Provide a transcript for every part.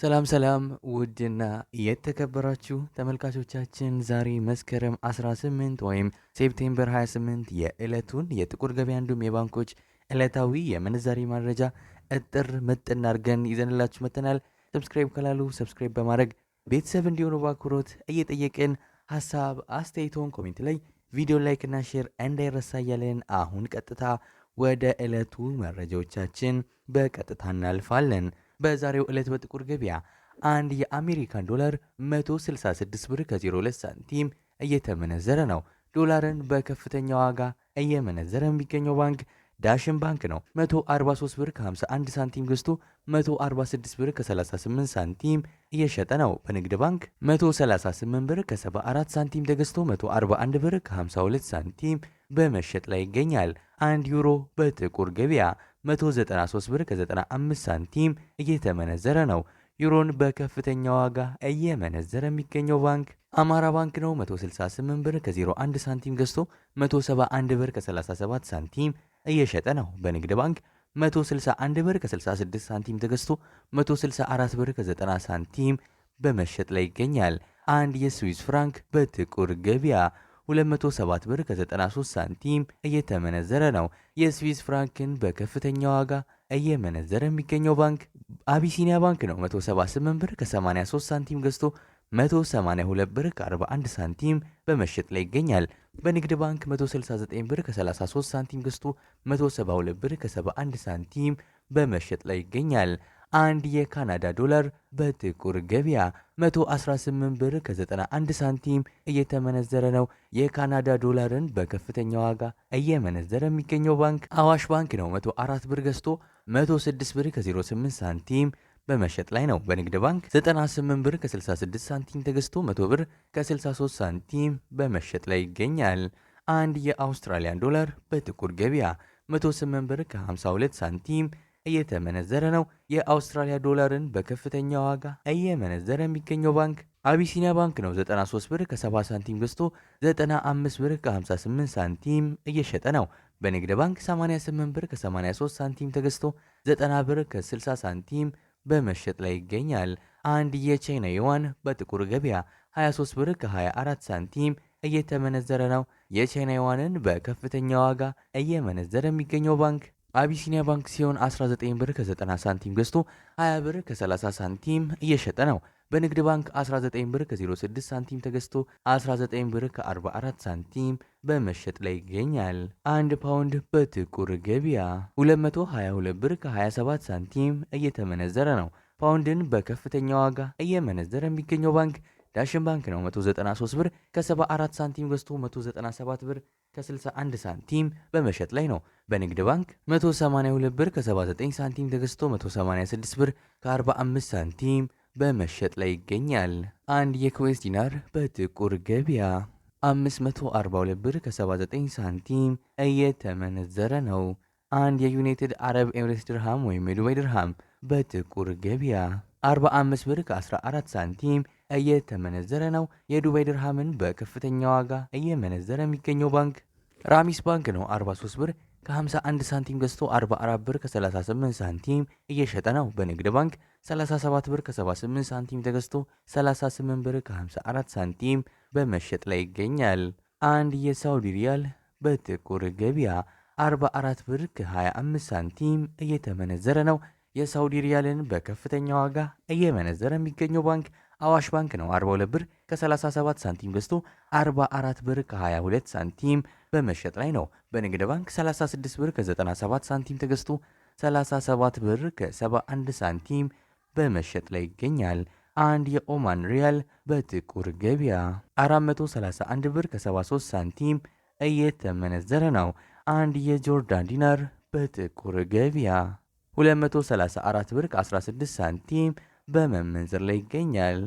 ሰላም ሰላም ውድና የተከበራችሁ ተመልካቾቻችን ዛሬ መስከረም 18 ወይም ሴፕቴምበር 28 የዕለቱን የጥቁር ገበያ እንዲሁም የባንኮች ዕለታዊ የምንዛሪ መረጃ እጥር ምጥን አድርገን ይዘንላችሁ መጥተናል። ሰብስክራይብ ካላሉ ሰብስክራይብ በማድረግ ቤተሰብ እንዲሆኑ በአክብሮት እየጠየቅን ሀሳብ አስተያየቶን ኮሜንት ላይ ቪዲዮ ላይክና ሼር እንዳይረሳ እያለን አሁን ቀጥታ ወደ ዕለቱ መረጃዎቻችን በቀጥታ እናልፋለን። በዛሬው ዕለት በጥቁር ገበያ አንድ የአሜሪካን ዶላር 166 ብር ከ02 ሳንቲም እየተመነዘረ ነው። ዶላርን በከፍተኛ ዋጋ እየመነዘረ የሚገኘው ባንክ ዳሽን ባንክ ነው። 143 ብር ከ51 ሳንቲም ገዝቶ 146 ብር ከ38 ሳንቲም እየሸጠ ነው። በንግድ ባንክ 138 ብር ከ74 ሳንቲም ተገዝቶ 141 ብር ከ52 ሳንቲም በመሸጥ ላይ ይገኛል። አንድ ዩሮ በጥቁር ገበያ 193 ብር ከ95 ሳንቲም እየተመነዘረ ነው። ዩሮን በከፍተኛ ዋጋ እየመነዘረ የሚገኘው ባንክ አማራ ባንክ ነው። 168 ብር ከ01 ሳንቲም ገዝቶ 171 ብር ከ37 ሳንቲም እየሸጠ ነው። በንግድ ባንክ 161 ብር ከ66 ሳንቲም ተገዝቶ 164 ብር ከ90 ሳንቲም በመሸጥ ላይ ይገኛል። አንድ የስዊስ ፍራንክ በጥቁር ገበያ 207 ብር ከ93 ሳንቲም እየተመነዘረ ነው። የስዊስ ፍራንክን በከፍተኛ ዋጋ እየመነዘረ የሚገኘው ባንክ አቢሲኒያ ባንክ ነው። 178 ብር ከ83 ሳንቲም ገዝቶ 182 ብር ከ41 ሳንቲም በመሸጥ ላይ ይገኛል። በንግድ ባንክ 169 ብር ከ33 ሳንቲም ገዝቶ 172 ብር ከ71 ሳንቲም በመሸጥ ላይ ይገኛል። አንድ የካናዳ ዶላር በጥቁር ገበያ 118 ብር ከ91 ሳንቲም እየተመነዘረ ነው። የካናዳ ዶላርን በከፍተኛ ዋጋ እየመነዘረ የሚገኘው ባንክ አዋሽ ባንክ ነው። 104 ብር ገዝቶ 106 ብር ከ08 ሳንቲም በመሸጥ ላይ ነው። በንግድ ባንክ 98 ብር ከ66 ሳንቲም ተገዝቶ 100 ብር ከ63 ሳንቲም በመሸጥ ላይ ይገኛል። አንድ የአውስትራሊያን ዶላር በጥቁር ገበያ 108 ብር ከ52 ሳንቲም እየተመነዘረ ነው። የአውስትራሊያ ዶላርን በከፍተኛ ዋጋ እየመነዘረ የሚገኘው ባንክ አቢሲኒያ ባንክ ነው። 93 ብር ከ70 ሳንቲም ገዝቶ 95 ብር ከ58 ሳንቲም እየሸጠ ነው። በንግድ ባንክ 88 ብር ከ83 ሳንቲም ተገዝቶ 90 ብር ከ60 ሳንቲም በመሸጥ ላይ ይገኛል። አንድ የቻይና ዩዋን በጥቁር ገበያ 23 ብር ከ24 ሳንቲም እየተመነዘረ ነው። የቻይና ዩዋንን በከፍተኛ ዋጋ እየመነዘረ የሚገኘው ባንክ አቢሲኒያ ባንክ ሲሆን 19 ብር ከ90 ሳንቲም ገዝቶ 20 ብር ከ30 ሳንቲም እየሸጠ ነው። በንግድ ባንክ 19 ብር ከ06 ሳንቲም ተገዝቶ 19 ብር ከ44 ሳንቲም በመሸጥ ላይ ይገኛል። አንድ ፓውንድ በጥቁር ገበያ 222 ብር ከ27 ሳንቲም እየተመነዘረ ነው። ፓውንድን በከፍተኛ ዋጋ እየመነዘረ የሚገኘው ባንክ ዳሽን ባንክ ነው 193 ብር ከ74 ሳንቲም ገዝቶ 197 ብር ከ61 ሳንቲም በመሸጥ ላይ ነው። በንግድ ባንክ 182 ብር ከ79 ሳንቲም ተገዝቶ 186 ብር ከ45 ሳንቲም በመሸጥ ላይ ይገኛል። አንድ የኩዌስ ዲናር በጥቁር ገበያ 542 ብር ከ79 ሳንቲም እየተመነዘረ ነው። አንድ የዩናይትድ አረብ ኤምሬትስ ድርሃም ወይም የዱባይ ድርሃም በጥቁር ገበያ 45 ብር ከ14 ሳንቲም እየተመነዘረ ነው። የዱባይ ድርሃምን በከፍተኛ ዋጋ እየመነዘረ የሚገኘው ባንክ ራሚስ ባንክ ነው። 43 ብር ከ51 ሳንቲም ገዝቶ 44 ብር ከ38 ሳንቲም እየሸጠ ነው። በንግድ ባንክ 37 ብር ከ78 ሳንቲም ተገዝቶ 38 ብር ከ54 ሳንቲም በመሸጥ ላይ ይገኛል። አንድ የሳውዲ ሪያል በጥቁር ገበያ 44 ብር ከ25 ሳንቲም እየተመነዘረ ነው። የሳውዲ ሪያልን በከፍተኛ ዋጋ እየመነዘረ የሚገኘው ባንክ አዋሽ ባንክ ነው 42 ብር ከ37 ሳንቲም ገዝቶ 44 ብር ከ22 ሳንቲም በመሸጥ ላይ ነው። በንግድ ባንክ 36 ብር ከ97 ሳንቲም ተገዝቶ 37 ብር ከ71 ሳንቲም በመሸጥ ላይ ይገኛል። አንድ የኦማን ሪያል በጥቁር ገበያ 431 ብር ከ73 ሳንቲም እየተመነዘረ ነው። አንድ የጆርዳን ዲናር በጥቁር ገበያ 234 ብር ከ16 ሳንቲም በመመንዘር ላይ ይገኛል።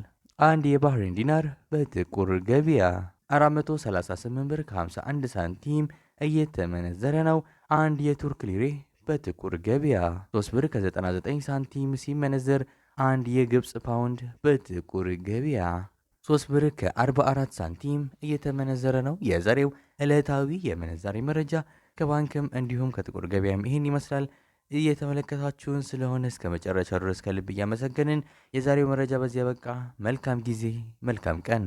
አንድ የባህሬን ዲናር በጥቁር ገበያ 438 ብር ከ51 ሳንቲም እየተመነዘረ ነው። አንድ የቱርክ ሊሬ በጥቁር ገበያ 3 ብር ከ99 ሳንቲም ሲመነዘር አንድ የግብፅ ፓውንድ በጥቁር ገበያ 3 ብር ከ44 ሳንቲም እየተመነዘረ ነው። የዛሬው ዕለታዊ የምንዛሬ መረጃ ከባንክም እንዲሁም ከጥቁር ገበያም ይህን ይመስላል። እየተመለከታችሁን ስለሆነ እስከ መጨረሻ ድረስ ከልብ እያመሰገንን የዛሬው መረጃ በዚያ በቃ መልካም ጊዜ፣ መልካም ቀን